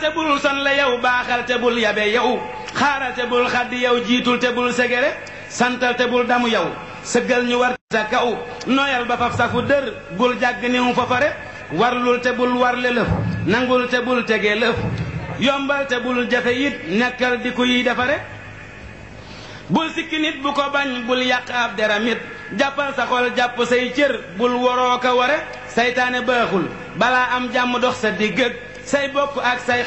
te bul son la yow baaxal te bul yabe yow xaaral te bul xaddi yow jiitul te bul segere santal te bul damu yow sëggal ñu war sa kaw nooyal ba faf safu dër bul jàgg niw fafare warlul te bul warle lëf nangul te bul tege lëf yombal te bul jafe it nekkal di ku yiy defare bul sikki nit bu ko bañ bul yàq ab deramit jàppal sa xol jàpp say cër bul waroo ko ware baaxul balaa am jàmm dox sa diggëg say bokk ak say